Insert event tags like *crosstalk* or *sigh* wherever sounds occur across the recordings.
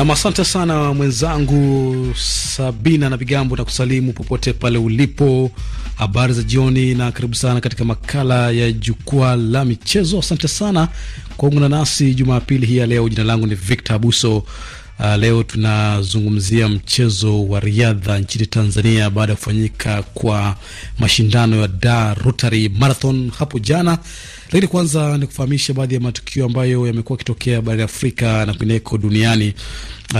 Nam, asante sana mwenzangu Sabina na Vigambo, na kusalimu popote pale ulipo. Habari za jioni na karibu sana katika makala ya jukwaa la michezo. Asante sana kwa ungana nasi jumapili hii ya leo. Jina langu ni Victor Abuso. Uh, leo tunazungumzia mchezo wa riadha nchini Tanzania baada ya kufanyika kwa mashindano ya Dar Rotary Marathon hapo jana. Lakini kwanza ni kufahamisha baadhi ya matukio ambayo yamekuwa yakitokea barani Afrika na kwingineko duniani.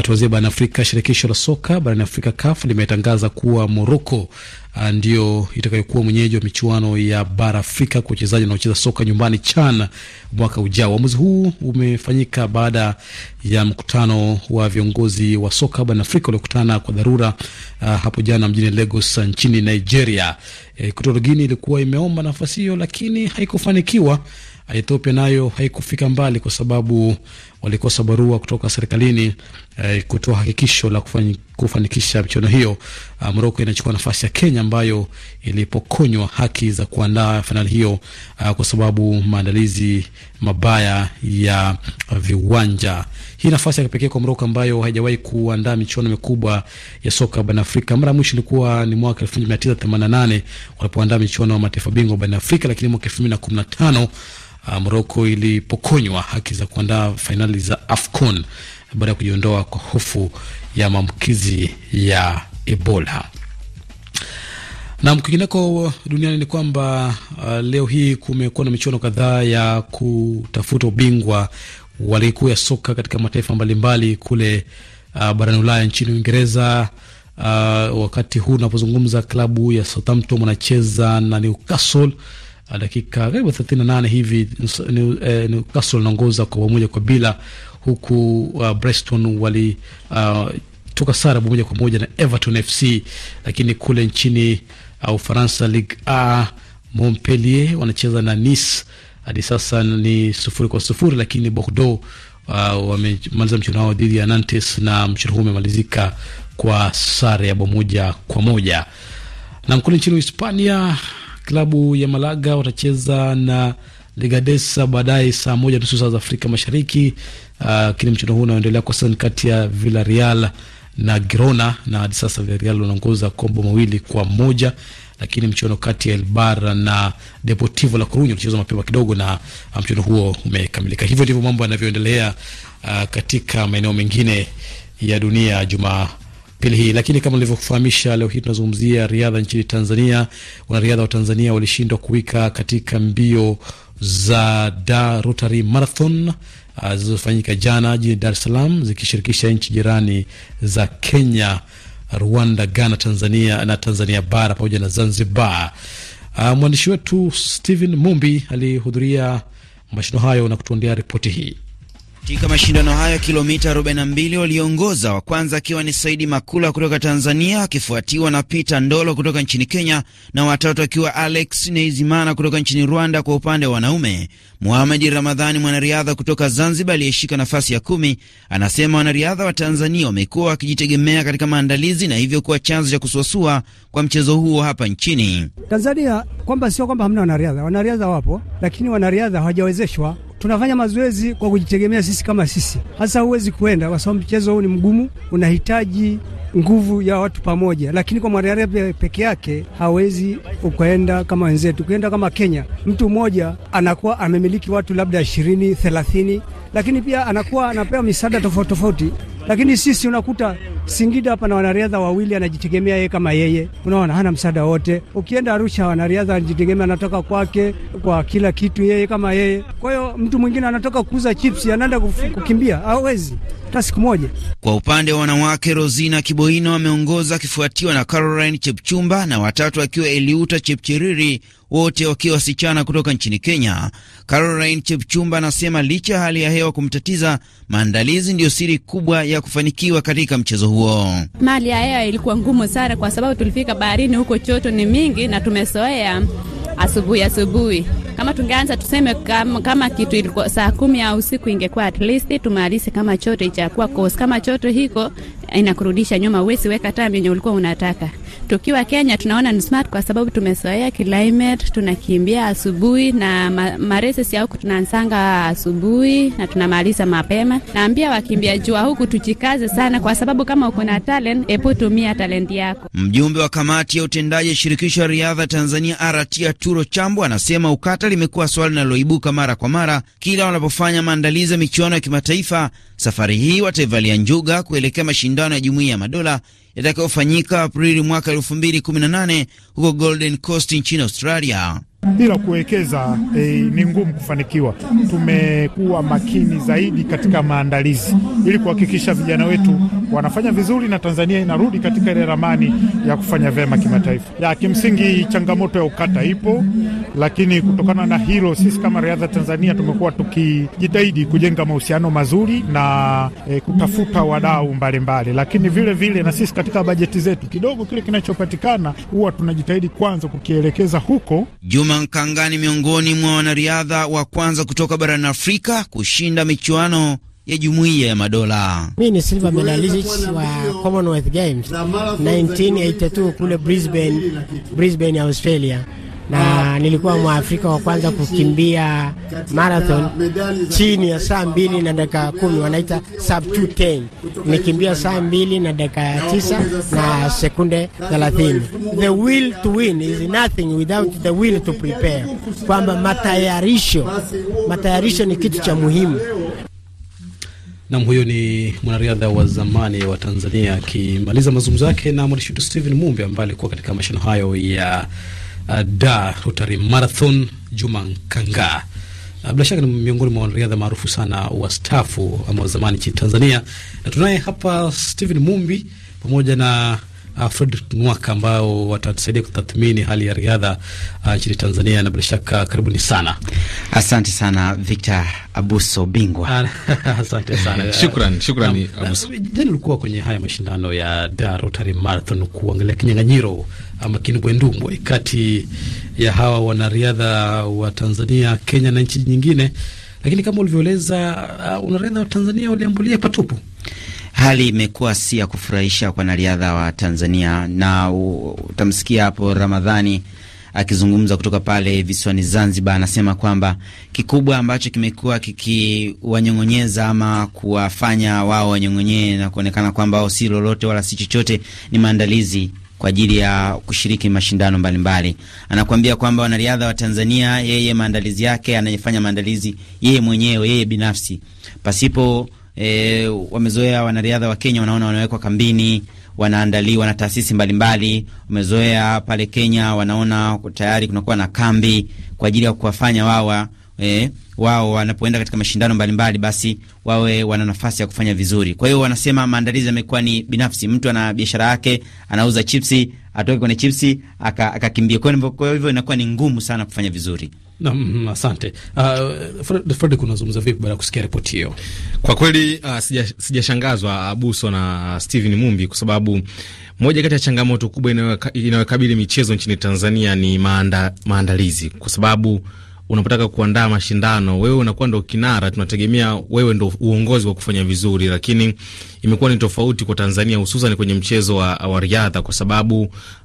Tuanzie barani Afrika. Shirikisho la soka barani Afrika, CAF, limetangaza kuwa Moroko ah, ndio itakayokuwa mwenyeji wa michuano ya bara Afrika kwa wachezaji wanaocheza soka nyumbani CHAN mwaka ujao. Uamuzi huu umefanyika baada ya mkutano wa viongozi wa soka barani Afrika waliokutana kwa dharura uh, hapo jana mjini Lagos ah, nchini Nigeria. E, eh, Kotorogini ilikuwa imeomba nafasi hiyo lakini haikufanikiwa. Ethiopia nayo haikufika mbali kwa sababu walikosa barua kutoka serikalini eh, kutoa hakikisho la kufani, kufanikisha michuano hiyo. Uh, Morocco inachukua nafasi ya Kenya ambayo ilipokonywa haki za kuandaa fainali hiyo uh, kwa sababu maandalizi mabaya ya viwanja. Hii nafasi ya kipekee kwa Morocco ambayo haijawahi kuandaa michuano mikubwa ya soka barani Afrika. Mara mwisho ilikuwa ni mwaka 1988 walipoandaa michuano ya mataifa bingwa barani Afrika, lakini mwaka 2015 uh, Morocco ilipokonywa haki za kuandaa fainali za AFCON baada ya kujiondoa kwa hofu ya maambukizi ya Ebola. Na kwingineko duniani ni kwamba uh, leo hii kumekuwa na michuano kadhaa ya kutafuta ubingwa wa ligi kuu ya soka katika mataifa mbalimbali kule uh, barani Ulaya, nchini Uingereza. Uh, wakati huu unapozungumza klabu ya Southampton wanacheza na Newcastle dakika karibu 38 hivi Newcastle eh, inaongoza kwa moja kwa bila, huku uh, Preston wali uh, toka sare moja kwa moja na Everton FC. Lakini kule nchini uh, Ufaransa, uh, Ligue A Montpellier wanacheza na Nice hadi sasa ni sufuri kwa sufuri, lakini Bordeaux uh, wamemaliza mchezo wao dhidi ya Nantes na mchezo huu umemalizika kwa sare ya bao moja kwa moja. Na mkule nchini Hispania klabu ya Malaga watacheza na ligadesa baadaye saa moja nusu saa za Afrika Mashariki. Ah, lakini uh, mchezo huu unaoendelea kwa sasa kati ya Villarreal na Girona, na hadi sasa Villarreal wanaongoza kombo mawili kwa moja, lakini mchuano kati ya Elbar na Deportivo la Corunya ulichezwa mapema kidogo na ah, mchuano huo umekamilika. Hivyo ndivyo mambo yanavyoendelea uh, katika maeneo mengine ya dunia Jumaa pili hii. Lakini kama nilivyokufahamisha, leo hii tunazungumzia riadha nchini Tanzania. Wanariadha wa Tanzania walishindwa kuwika katika mbio za da Rotary Marathon ah, zilizofanyika jana jijini Dar es Salaam zikishirikisha nchi jirani za Kenya, Rwanda, Ghana, Tanzania na Tanzania bara pamoja na Zanzibar. Uh, mwandishi wetu Stephen Mumbi alihudhuria mashindano hayo na kutuandia ripoti hii. Katika mashindano hayo kilomita 42 waliongoza, wa kwanza akiwa ni Saidi Makula kutoka Tanzania, akifuatiwa na Peter Ndolo kutoka nchini Kenya, na watatu akiwa Alex Neizimana kutoka nchini Rwanda. Kwa upande wa wanaume, muhamedi Ramadhani, mwanariadha kutoka Zanzibar aliyeshika nafasi ya kumi, anasema wanariadha wa Tanzania wamekuwa wakijitegemea katika maandalizi na hivyo kuwa chanzo cha kusuasua kwa mchezo huo hapa nchini Tanzania, kwamba sio kwamba hamna wanariadha, wanariadha wapo, lakini wanariadha hawajawezeshwa tunafanya mazoezi kwa kujitegemea sisi kama sisi. Hasa huwezi kuenda kwa sababu mchezo huu ni mgumu, unahitaji nguvu ya watu pamoja, lakini kwa mwanariadha peke yake hawezi ukaenda kama wenzetu. Ukienda kama Kenya, mtu mmoja anakuwa amemiliki watu labda ishirini thelathini, lakini pia anakuwa anapewa misaada tofauti tofauti, lakini sisi unakuta Singida hapa na wanariadha wawili, anajitegemea yeye kama yeye, unaona hana msaada wote. Ukienda Arusha, wanariadha anajitegemea, anatoka kwake kwa kila kitu yeye kama yeye. Kwa hiyo mtu mwingine anatoka kuuza chipsi, anaenda kukimbia, hawezi hata siku moja. Kwa upande wa wanawake, Rosina Kiboino ameongoza akifuatiwa na Caroline Chepchumba na watatu akiwa Eliuta Chepchiriri wote wakiwa wasichana kutoka nchini Kenya. Caroline Chepchumba anasema licha ya hali ya hewa kumtatiza, maandalizi ndiyo siri kubwa ya kufanikiwa katika mchezo huo. Mali ya hewa ilikuwa ngumu sana, kwa sababu tulifika baharini, huko choto ni mingi na tumesoea asubuhi asubuhi. Kama tungeanza tuseme kama, kama kitu ilikuwa saa kumi au usiku, ingekuwa at least tumalize kama choto ichakuwa kos kama choto hiko inakurudisha nyuma, uwezi weka hata yenye ulikuwa unataka. Tukiwa Kenya tunaona ni smart kwa sababu tumezoea climate, tunakimbia asubuhi na ma, mareses ya huku tunaanzanga asubuhi na tunamaliza mapema. Naambia wakimbiaji wa huku tujikaze sana, kwa sababu kama uko na talent, epo tumia talent yako. Mjumbe wa kamati ya utendaji ya shirikisho la riadha Tanzania RT Arturo Chambo anasema ukata limekuwa swali linaloibuka mara kwa mara kila wanapofanya maandalizi ya michuano ya kimataifa. Safari hii wataivalia njuga kuelekea mashindano mashindano ya Jumuiya ya Madola yatakayofanyika Aprili mwaka 2018 huko Golden Coast nchini Australia. Bila kuwekeza eh, ni ngumu kufanikiwa. Tumekuwa makini zaidi katika maandalizi ili kuhakikisha vijana wetu wanafanya vizuri na Tanzania inarudi katika ile ramani ya kufanya vyema kimataifa. Ya kimsingi changamoto ya ukata ipo, lakini kutokana na hilo sisi kama riadha Tanzania tumekuwa tukijitahidi kujenga mahusiano mazuri na e, kutafuta wadau mbalimbali, lakini vile vile na sisi katika bajeti zetu kidogo kile kinachopatikana huwa tunajitahidi kwanza kukielekeza huko. Juma Nkangani miongoni mwa wanariadha wa kwanza kutoka barani Afrika kushinda michuano ya Jumuiya ya Madola. Mimi ni silver medalist wa Commonwealth Games 1982 kule Brisbane, Brisbane, ya Australia na nilikuwa Mwafrika wa kwanza kukimbia marathon chini ya saa mbili na dakika kumi wanaita sub 210. Nikimbia saa mbili na dakika tisa na sekunde thelathini. The will to win is nothing without the will to prepare, kwamba matayarisho, matayarisho ni kitu cha muhimu. Nam, huyo ni mwanariadha wa zamani wa Tanzania akimaliza mazungumzo yake na mwandishi wetu stehen Mumbe ambaye alikuwa katika mashindano hayo ya uh, Dar Rotary Marathon. Juma Nkanga uh, bila shaka ni miongoni mwa wanariadha maarufu sana stafu ama wa zamani nchini Tanzania, na tunaye hapa stehen Mumbi pamoja na uh, Fredrick Nwaka ambao watatusaidia kutathmini hali ya riadha uh, nchini Tanzania, na bila shaka karibuni sana. Asante sana Victor Abuso, bingwa. *laughs* Asante sana *laughs* Shukrani, shukrani Abuso. Jana ulikuwa kwenye haya mashindano ya Dar Rotary Marathon kuangalia kinyang'anyiro ama uh, kinubwendumbwe kati ya hawa wanariadha wa Tanzania, Kenya na nchi nyingine, lakini kama ulivyoeleza, uh, wanariadha wa Tanzania waliambulia patupu hali imekuwa si ya kufurahisha kwa wanariadha wa Tanzania, na utamsikia hapo Ramadhani akizungumza kutoka pale visiwani Zanzibar, anasema kwamba kikubwa ambacho kimekuwa kikiwanyong'onyeza ama kuwafanya wao wanyong'onyee na kuonekana kwamba wao si lolote wala si chochote ni maandalizi kwa ajili ya kushiriki mashindano mbalimbali. Anakuambia kwamba wanariadha wa Tanzania, yeye maandalizi yake anayefanya maandalizi yeye mwenyewe, yeye binafsi pasipo e, wamezoea wanariadha wa Kenya wanaona wanawekwa kambini, wanaandaliwa na taasisi mbalimbali. Wamezoea pale Kenya wanaona tayari kunakuwa na kambi kwa ajili ya kuwafanya wawa e, wao wanapoenda katika mashindano mbalimbali basi wawe wana nafasi ya kufanya vizuri. Kwa hiyo wanasema maandalizi yamekuwa ni binafsi, mtu ana biashara yake, anauza chipsi, atoke kwenye chipsi akakimbia aka. Kwa hivyo inakuwa ni ngumu sana kufanya vizuri. Naam, asante uh, Fred, kunazungumza vipi baada ya kusikia ripoti hiyo? Kwa kweli uh, sijashangazwa Abuso na Steven Mumbi kwa sababu moja kati ya changamoto kubwa inayokabili michezo nchini Tanzania ni maanda, maandalizi kwa sababu unapotaka kuandaa mashindano wewe unakuwa ndo kinara, tunategemea wewe ndo uongozi wa kufanya vizuri, lakini imekuwa ni tofauti kwa Tanzania, hususan kwenye mchezo wa, wa riadha kwa sababu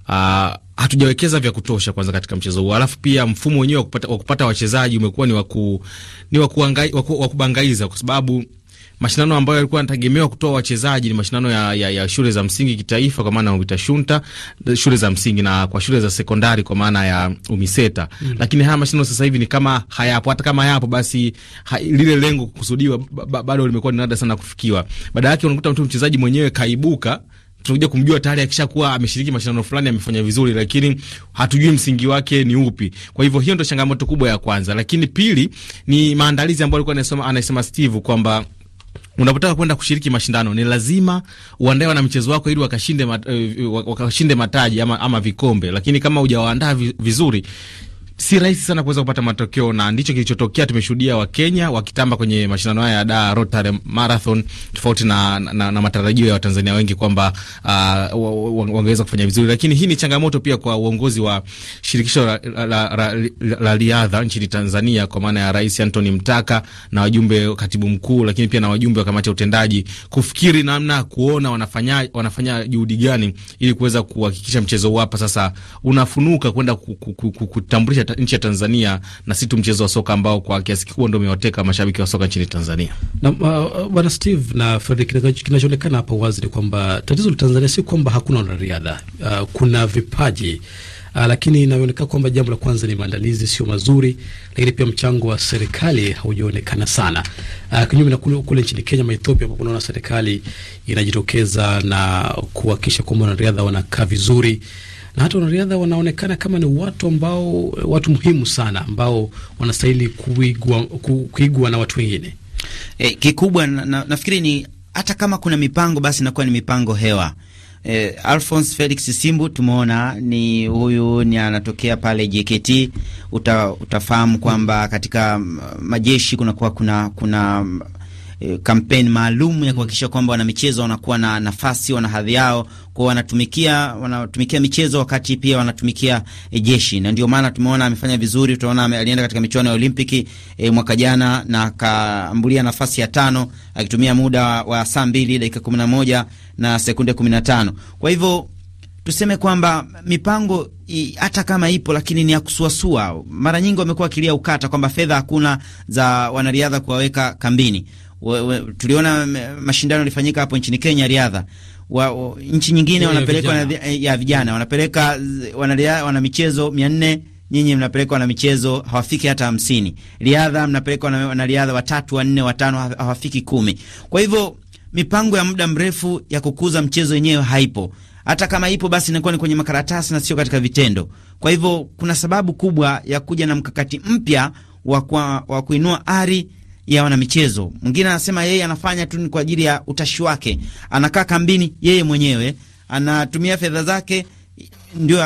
uh, hatujawekeza vya kutosha kwanza katika mchezo huo, alafu pia mfumo wenyewe wa kupata, wachezaji umekuwa ni waku, ni wa kubangaiza kwa sababu mashindano ambayo yalikuwa yanategemewa kutoa wachezaji ni mashindano ya, ya, ya shule za msingi kitaifa kwa maana ya UMITASHUNTA, shule za msingi na kwa shule za sekondari kwa maana ya UMISETA. Mm. Lakini haya mashindano sasa hivi ni kama hayapo, hata kama yapo basi ha, lile lengo kukusudiwa bado limekuwa ni nadra sana kufikiwa. Baada yake unakuta mtu mchezaji mwenyewe kaibuka tunakuja kumjua tayari akishakuwa ameshiriki mashindano fulani, amefanya vizuri, lakini hatujui msingi wake ni upi. Kwa hivyo hiyo ndo changamoto kubwa ya kwanza, lakini pili ni maandalizi ambayo alikuwa anasema anasema Steve kwamba unapotaka kwenda kushiriki mashindano ni lazima uandae wana mchezo wako ili wakashinde, mat, eh, wakashinde mataji ama, ama vikombe, lakini kama hujawaandaa vizuri si rahisi sana kuweza kupata matokeo, na ndicho kilichotokea. Tumeshuhudia Wakenya wakitamba kwenye mashindano haya ya da Rotary Marathon, tofauti na, na, na matarajio ya Watanzania wengi kwamba uh, wangeweza kufanya vizuri, lakini hii ni changamoto pia kwa uongozi wa shirikisho la, la, la, la, la la riadha nchini Tanzania kwa maana ya Rais Anthony Mtaka na wajumbe katibu mkuu, lakini pia na wajumbe wa kamati ya utendaji kufikiri namna kuona wanafanya, wanafanya juhudi gani ili kuweza kuhakikisha mchezo huu hapa sasa unafunuka kwenda kutambulisha nchi ya Tanzania na si tu mchezo wa soka ambao kwa kiasi kikubwa ndio umewateka mashabiki wa soka nchini Tanzania. Na uh, uh Steve na Fredrick, kinachoonekana hapa wazi ni kwamba tatizo la Tanzania si kwamba hakuna wanariadha uh, kuna vipaji Uh, lakini inaonekana kwamba jambo la kwanza ni maandalizi sio mazuri, lakini pia mchango wa serikali haujaonekana sana. Uh, kinyume na kule, kule nchini Kenya Ethiopia ambapo unaona serikali inajitokeza na kuhakikisha kwamba wanariadha wanakaa vizuri na hata wanariadha wanaonekana kama ni watu ambao watu muhimu sana ambao wanastahili kuigwa, na watu wengine. E, kikubwa na, na, nafikiri ni hata kama kuna mipango basi inakuwa ni mipango hewa. E, Alphonse Felix Simbu tumeona ni huyu ni anatokea pale JKT. Uta, utafahamu kwamba katika mm, majeshi kunakuwa kuna, kuna, kuna kampeni eh, maalum ya kuhakikisha kwamba wanamichezo wanakuwa na nafasi, wana hadhi yao, kwa wanatumikia wanatumikia michezo wakati pia wanatumikia e, jeshi, na ndio maana tumeona amefanya vizuri. tunaona alienda katika michuano ya Olimpiki e, mwaka jana na akaambulia nafasi ya tano akitumia muda wa saa mbili dakika kumi na moja na sekunde kumi na tano. Kwa hivyo tuseme kwamba mipango hata kama ipo lakini ni ya kusuasua. Mara nyingi wamekuwa wakilia ukata kwamba fedha hakuna za wanariadha kuwaweka kambini tuliona mashindano yalifanyika hapo nchini Kenya riadha wa, wa, nchi nyingine wanapelekwa vijana. Eh, ya vijana wanapeleka wana, wana michezo mia nne nyinyi mnapelekwa na michezo hawafiki hata hamsini. Riadha mnapelekwa na, na riadha watatu wanne watano hawafiki kumi. Kwa hivyo mipango ya muda mrefu ya kukuza mchezo wenyewe haipo. Hata kama ipo, basi inakuwa ni kwenye makaratasi na sio katika vitendo. Kwa hivyo kuna sababu kubwa ya kuja na mkakati mpya wa kuinua ari ya wanamichezo. Mwingine anasema yeye anafanya tu kwa ajili ya utashi wake, anakaa kambini yeye mwenyewe, anatumia fedha zake ndio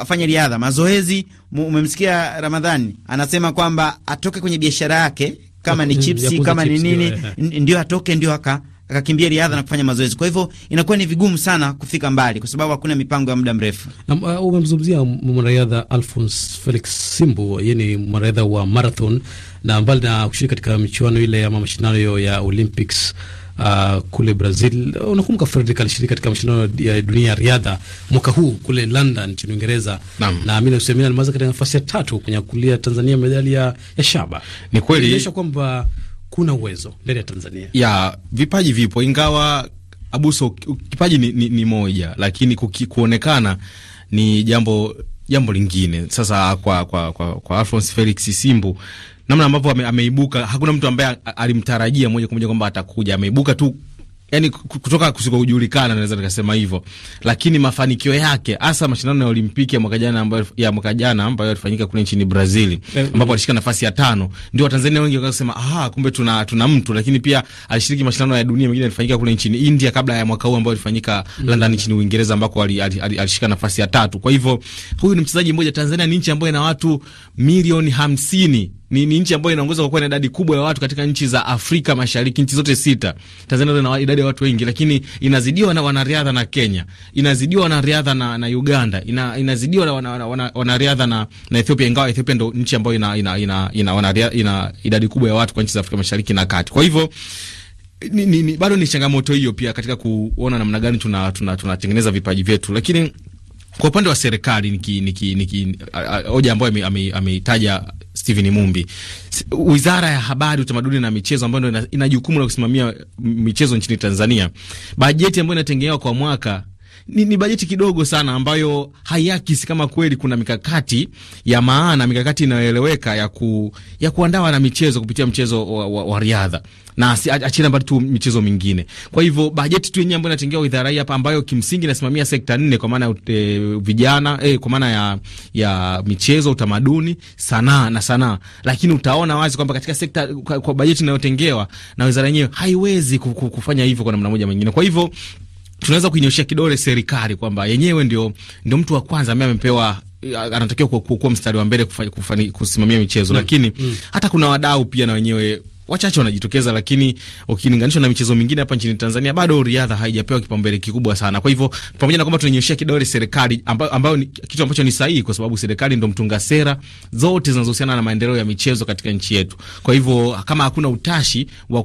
afanye riadha, mazoezi. Umemsikia Ramadhani anasema kwamba atoke kwenye biashara yake, kama ni chipsi, kama ni nini, ndio atoke, ndio aka akakimbia riadha na kufanya mazoezi. Kwa hivyo inakuwa ni vigumu sana kufika mbali, kwa sababu hakuna mipango ya muda mrefu. Na uh, Umemzungumzia mwanariadha Alphonse Felix Simbu, yeye ni mwanariadha wa marathon na mbali na kushiriki katika michuano ile ama mashindano hiyo ya Olympics uh, kule Brazil. Unakumbuka Fredrick alishiriki katika mashindano ya dunia ya riadha mwaka huu kule London nchini Uingereza, na Amina Hussein alimaliza katika nafasi ya tatu kunyakulia Tanzania medali ya, ya shaba. Ni kweli inaonyesha kwamba kuna uwezo ndani ya Tanzania ya vipaji vipo, ingawa abuso kipaji ni, ni, ni moja, lakini kuki, kuonekana ni jambo jambo lingine. Sasa kwa kwa kwa, kwa Alphonse Felix Simbu namna ambavyo ame, ameibuka, hakuna mtu ambaye alimtarajia moja kwa moja kwamba atakuja. Ameibuka tu yani kutoka kusikojulikana, naweza nikasema hivyo, lakini mafanikio yake hasa mashindano ya Olimpiki ya mwaka jana ambayo ya mwaka jana ambayo yalifanyika kule nchini Brazil eh. ambapo alishika nafasi ya tano, ndio Watanzania wengi wakaanza kusema ah, kumbe tuna tuna mtu. Lakini pia alishiriki mashindano ya dunia mengine yalifanyika kule nchini India kabla ya mwaka huu ambao alifanyika mm, London nchini Uingereza ambako alishika nafasi ya tatu. Kwa hivyo huyu ni mchezaji mmoja, Tanzania ni nchi ambayo ina watu milioni hamsini. Ni, ni nchi ambayo inaongoza kwa kuwa na idadi kubwa ya watu katika nchi za Afrika Mashariki, nchi zote sita. Tanzania ina idadi ya watu wengi, lakini inazidiwa na wanariadha na Kenya, inazidiwa wanariadha na, na Uganda, ina, inazidiwa na wanariadha na, na Ethiopia, ingawa Ethiopia ndo nchi ambayo ina, ina, ina, ina, wana, ina idadi kubwa ya watu kwa nchi za Afrika Mashariki na Kati. Kwa hivyo ni, ni, ni, bado ni changamoto hiyo pia katika kuona namna gani tunatengeneza tuna, tuna vipaji vyetu lakini kwa upande wa serikali niki, niki, niki, hoja ambayo ameitaja Steven Mumbi, Wizara ya Habari, Utamaduni na Michezo ambayo ina, ina jukumu la kusimamia michezo nchini Tanzania, bajeti ambayo inatengewa kwa mwaka ni, ni bajeti kidogo sana ambayo haiakisi kama kweli kuna mikakati ya maana, mikakati inayoeleweka ya, ku, ya kuandaa michezo kupitia mchezo wa, wa, wa riadha na achina mbali tu michezo mingine. Kwa hivyo bajeti tu yenyewe ambayo inatengewa idara hii hapa, ambayo kimsingi inasimamia sekta nne kwa maana e, vijana e, kwa maana ya, ya michezo, utamaduni, sanaa na sanaa, lakini utaona wazi kwamba katika sekta kwa, kwa bajeti inayotengewa na wizara yenyewe haiwezi kufanya hivyo kwa namna moja mwingine. Kwa hivyo tunaweza kuinyoshia kidole serikali kwamba yenyewe ndio, ndio mtu wa kwanza ambaye amepewa anatakiwa kuwa mstari wa mbele kusimamia michezo mm. Lakini mm. hata kuna wadau pia na wenyewe wachache wanajitokeza, lakini ukilinganishwa na michezo mingine hapa nchini Tanzania bado riadha haijapewa kipaumbele kikubwa sana. Kwa hivyo pamoja na kwamba tunanyoshia kidole serikali, ambayo, ambayo ni kitu ambacho ni sahihi, kwa sababu serikali ndo mtunga sera zote zinazohusiana na maendeleo ya michezo katika nchi yetu. Kwa hivyo kama hakuna utashi wa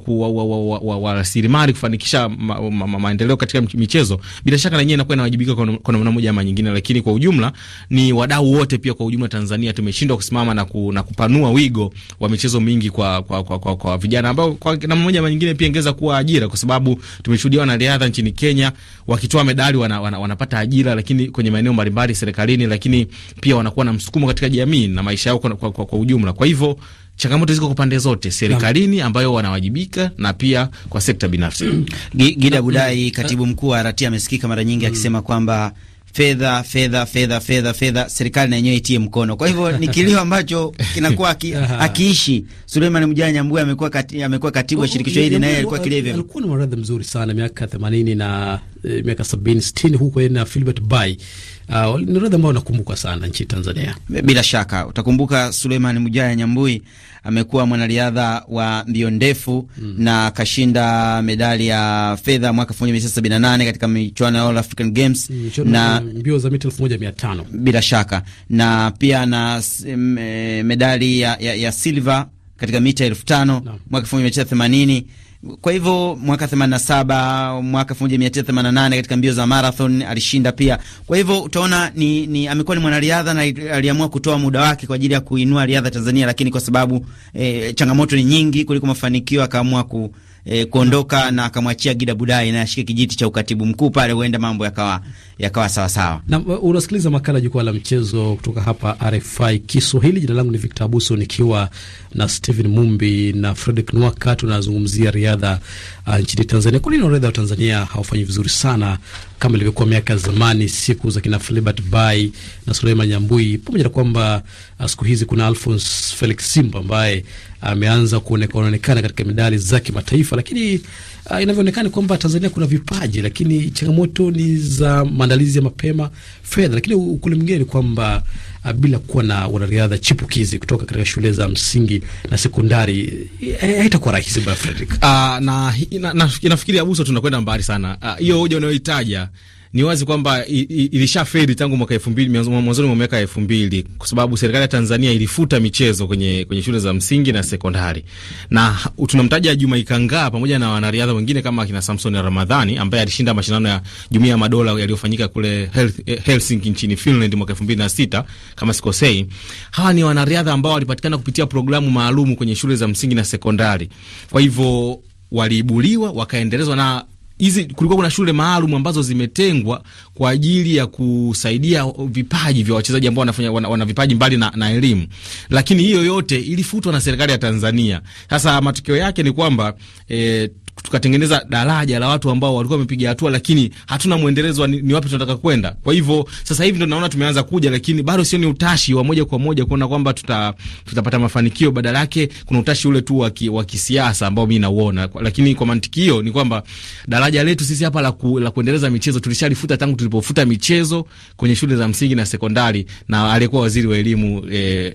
wa rasilimali kufanikisha ma, ma, ma, maendeleo katika michezo, bila shaka na inakuwa inawajibika kwa namna moja ama nyingine, lakini kwa ujumla ni wadau wote, pia kwa ujumla Tanzania tumeshindwa kusimama na, ku, na kupanua wigo wa michezo mingi kwa, kwa, kwa, kwa, kwa kwa vijana ambao kwa namna moja ama nyingine pia ingeweza kuwa ajira, kwa sababu tumeshuhudia wanariadha nchini Kenya wakitoa medali wana, wana, wanapata ajira, lakini kwenye maeneo mbalimbali serikalini, lakini pia wanakuwa na msukumo katika jamii na maisha yao kwa, kwa, kwa, kwa ujumla. Kwa hivyo changamoto ziko kwa pande zote, serikalini ambayo wanawajibika na pia kwa sekta binafsi. Gida Budai, katibu mkuu wa Arati, amesikika mara nyingi akisema kwamba fedha fedha fedha fedha fedha, serikali na yenyewe itie mkono. Kwa hivyo ni kilio ambacho kinakuwa aki, akiishi Suleiman Mjanya ambaye amekuwa kati, amekuwa katibu wa shirikisho hili naye alikuwa kile hivyo. Alikuwa ni mwanariadha mzuri sana miaka 80 na eh, miaka 70 60 huko na Philbert Bay uh, ni orodha ambayo nakumbukwa sana nchini Tanzania. Bila shaka utakumbuka Suleiman Mujaya Nyambui amekuwa mwanariadha wa mbio ndefu mm, na akashinda medali ya fedha mwaka 1978 katika michuano ya All African Games mm, na mbio za mita 1500 bila shaka, na pia na eh, medali ya, ya, ya silver katika mita elfu no, mwaka 1980 kwa hivyo mwaka 87 mwaka 1988 katika mbio za marathon alishinda pia. Kwa hivyo utaona ni, ni amekuwa ni mwanariadha na aliamua kutoa muda wake kwa ajili ya kuinua riadha Tanzania, lakini kwa sababu eh, changamoto ni nyingi kuliko mafanikio akaamua ku eh, kuondoka na akamwachia Gida Budai na ashike kijiti cha ukatibu mkuu pale, huenda mambo yakawa yakawa sawa sawa. Na unasikiliza makala jukwaa la mchezo kutoka hapa RFI Kiswahili. Jina langu ni Victor Abuso nikiwa na Steven Mumbi na Fredrick Nwaka, tunazungumzia riadha uh, nchini Tanzania. Kwa nini wa Tanzania hawafanyi vizuri sana kama ilivyokuwa miaka zamani, siku za kina Filibert Bayi na Suleiman Nyambui, pamoja na kwamba uh, siku hizi kuna Alphonse Felix Simba ambaye ameanza kuonekana katika medali za kimataifa, lakini uh, inavyoonekana kwamba Tanzania kuna vipaji, lakini changamoto ni za maandalizi ya mapema, fedha, lakini ukule mwingine ni kwamba uh, bila kuwa na wanariadha chipukizi kutoka katika shule za msingi na sekondari eh, haitakuwa rahisi bwana Frederick. Uh, na, na, na, inafikiria Abuso, tunakwenda mbali sana hiyo uh, hoja unayoitaja ni wazi kwamba ilisha ilishafeli tangu mwaka elfu mbili mwanzoni mwa miaka elfu mbili kwa sababu serikali ya Tanzania ilifuta michezo kwenye, kwenye shule za msingi na sekondari, na tunamtaja Juma Ikangaa pamoja na wanariadha wengine kama akina Samson ya Ramadhani ambaye alishinda mashindano ya Jumuia ya Madola yaliyofanyika kule Helsinki nchini Finland mwaka elfu mbili na sita kama sikosei. Hawa ni wanariadha ambao walipatikana kupitia programu maalumu kwenye shule za msingi na sekondari, kwa hivyo waliibuliwa wakaendelezwa na hizi kulikuwa kuna shule maalum ambazo zimetengwa kwa ajili ya kusaidia vipaji vya wachezaji ambao wanafanya wana, wana vipaji mbali na, na elimu, lakini hiyo yote ilifutwa na serikali ya Tanzania. Sasa matokeo yake ni kwamba e, tukatengeneza daraja la watu ambao walikuwa wamepiga hatua, lakini hatuna mwendelezo ni, ni wapi tunataka kwenda. Kwa hivyo sasa hivi ndo naona tumeanza kuja, lakini bado sio ni utashi wa moja kwa moja kuona kwamba tuta, tutapata mafanikio. Badala yake kuna utashi ule tu wa kisiasa ambao mimi nauona, lakini kwa mantiki hiyo ni kwamba daraja letu sisi hapa la, ku, la kuendeleza michezo tulishalifuta tangu tulipofuta michezo kwenye shule za msingi na sekondari, na aliyekuwa waziri wa elimu eh,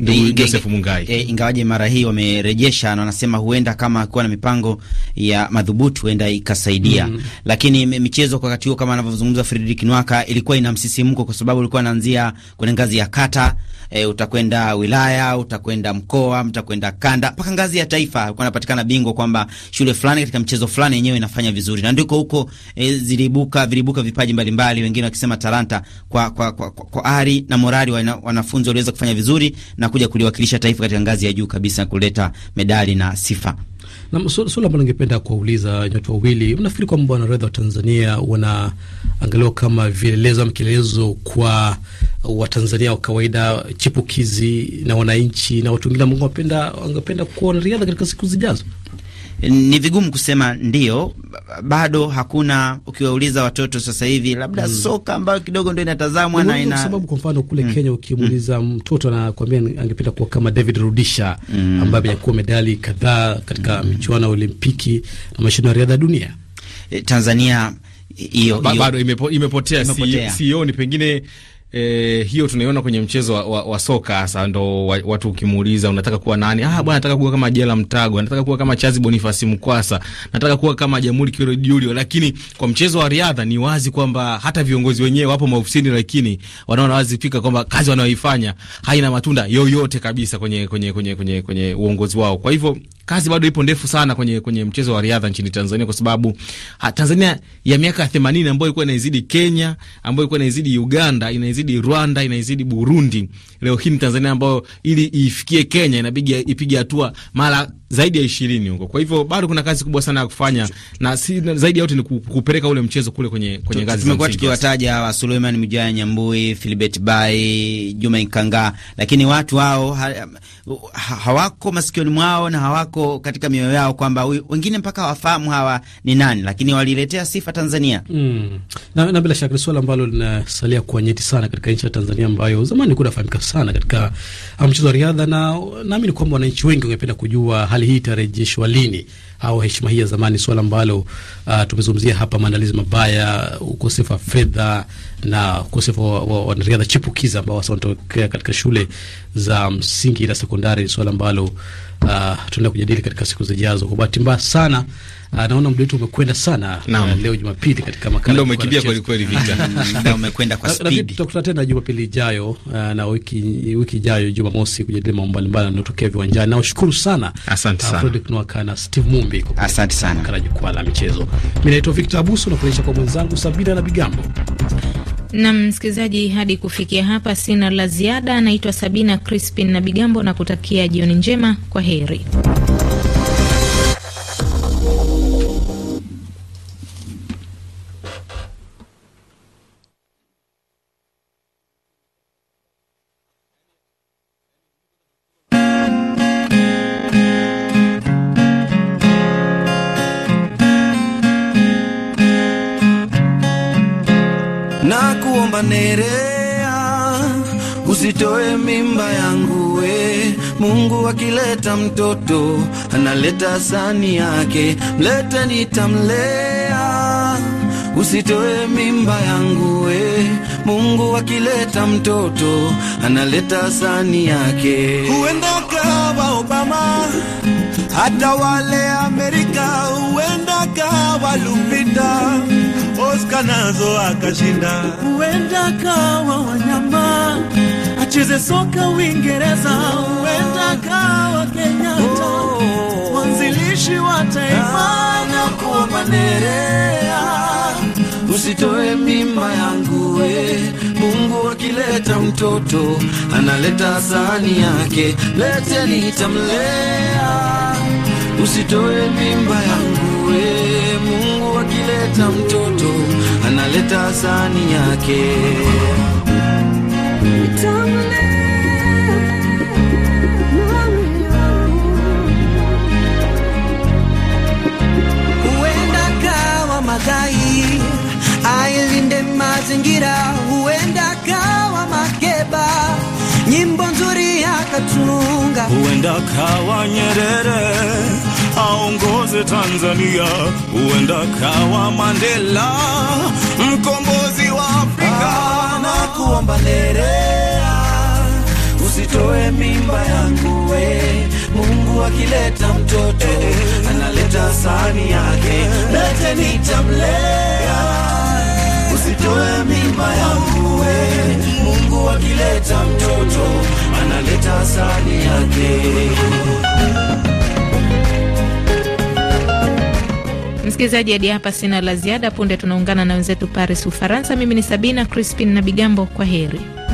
ndugu Joseph Mungai. E, ingawaje mara hii wamerejesha na wanasema huenda kama akiwa na mipango ya madhubuti huenda ikasaidia. Mm. Lakini michezo kwa wakati huo kama anavyozungumza Frederick Nwaka ilikuwa ina msisimko kwa sababu ilikuwa inaanzia kwenye ngazi ya kata e, utakwenda wilaya, utakwenda mkoa, mtakwenda kanda, mpaka ngazi ya taifa ulikuwa unapatikana bingwa kwamba shule fulani katika mchezo fulani yenyewe inafanya vizuri, na ndiko huko e, ziliibuka viliibuka vipaji mbalimbali wengine wakisema talanta kwa kwa, kwa, kwa, kwa ari na morali wana, wanafunzi waliweza kufanya vizuri na kuja kuliwakilisha taifa katika ngazi ya juu kabisa kuleta medali na sifa. Na swali ambalo ningependa kuwauliza nyote wawili, mnafikiri kwamba wanariadha wa Tanzania wanaangaliwa kama vielelezo ama kielelezo kwa Watanzania wa kawaida chipukizi na wananchi na watu wengine ambao wangependa kuwa wanariadha katika siku zijazo? ni vigumu kusema ndio, bado hakuna. Ukiwauliza watoto sasa hivi labda mm. soka ambayo kidogo ndio inatazamwa na ina sababu. Kwa mfano kule mm. Kenya, ukimuuliza mm. mtoto anakuambia angependa kuwa kama David Rudisha mm. ambaye amekuwa medali kadhaa katika mm. michuano ya Olimpiki na mashindano ya riadha ya dunia. Eh, Tanzania hiyo bado imepo, imepotea, imepotea. Sioni si pengine E, hiyo tunaiona kwenye mchezo wa, wa, wa soka hasa ndo wa, watu ukimuuliza unataka kuwa nani? Ah, bwana nataka kuwa kama Jela Mtago, nataka kuwa kama Chazi Bonifasi Mkwasa, nataka kuwa kama Jamhuri Kiro Julio. Lakini kwa mchezo wa riadha ni wazi kwamba hata viongozi wenyewe wapo maofisini, lakini wanaona wazi fika kwamba kazi wanayoifanya haina matunda yoyote kabisa kwenye kwenye kwenye kwenye, kwenye uongozi wao. Kwa hivyo kazi bado ipo ndefu sana kwenye, kwenye mchezo wa riadha nchini Tanzania kwa sababu ha, Tanzania ya miaka ya themanini ambayo ilikuwa inaizidi Kenya, ambayo ilikuwa inaizidi Uganda, inaizidi Rwanda, inaizidi Burundi leo hii ni Tanzania ambayo ili ifikie Kenya inabidi ipige hatua mara zaidi ya ishirini huko. Kwa hivyo bado kuna kazi kubwa sana ya kufanya, na si zaidi ya yote ni kupeleka ule mchezo kule kwenye kwenye ngazi. Tumekuwa tukiwataja hawa Suleiman Mjaya Nyambui, Philibert Bai, Juma Ikangaa, lakini watu hao ha, ha, hawako masikioni mwao na hawako katika mioyo yao kwamba wengine mpaka wafahamu hawa ni nani, lakini waliletea sifa Tanzania mm. na, na bila shaka ni swala ambalo linasalia kuwa nyeti sana katika nchi ya Tanzania ambayo zamani kuna fahamika sana katika ah, mchezo wa riadha, na naamini kwamba wananchi wengi wangependa kujua hali hii itarejeshwa lini au heshima hii ya zamani, swala ambalo uh, tumezungumzia hapa, maandalizi mabaya, ukosefu wa fedha na ukosefu wa wanariadha chipukiza ambao sasa wanatokea katika shule za msingi na sekondari, swala ambalo uh, tunaenda kujadili katika siku zijazo. Kwa bahati mbaya sana Uh, naona muda wetu umekwenda sana na, uh, leo Jumapili katika makala ndio umekimbia kweli kweli, vita *laughs* na umekwenda kwa spidi. Tutakutana tena Jumapili ijayo uh, na wiki wiki ijayo Jumamosi kujadili mambo mbalimbali yanayotokea viwanjani. Na washukuru sana, asante uh, sana Fredrick Nwaka na Steve Mum Msumbiko. Asante sana kwa jukwaa la michezo. Mimi naitwa Victor Abuso na kuonyesha kwa mwenzangu Sabina na Bigambo na msikilizaji, hadi kufikia hapa sina la ziada. Naitwa Sabina Crispin na Bigambo na kutakia jioni njema. Kwa heri. Nerea, usitoe mimba yangu we. Mungu akileta mtoto analeta sani yake, mlete nitamlea. Usitoe mimba yangu we Mungu akileta mtoto analeta sani yake. Huenda kawa Obama, hata wale Amerika, huenda kawa Lupita, Oscar nazo akashinda. Huenda kawa wanyama acheze soka Uingereza, huenda kawa Kenyatta oh, mwanzilishi wa taifa na kuwa Usitoe mimba yangu wewe. Mungu akileta mtoto analeta sahani yake, leteni nitamlea, usitoe mimba yangu we Mungu akileta mtoto analeta sahani yake nitamlea ailinde mazingira, huenda kawa Makeba, nyimbo nzuri akatunga, huenda kawa Nyerere aongoze Tanzania, huenda kawa Mandela mkombozi wa Afrika. Na kuomba Nerea, usitoe mimba yangu we Mungu akileta mtoto analeta sani yake, lete nitamlea nitoe mimba yangu we mungu akileta mtoto analeta hasani yake msikilizaji hadi hapa sina la ziada punde tunaungana na wenzetu paris ufaransa mimi ni sabina crispin na bigambo kwa heri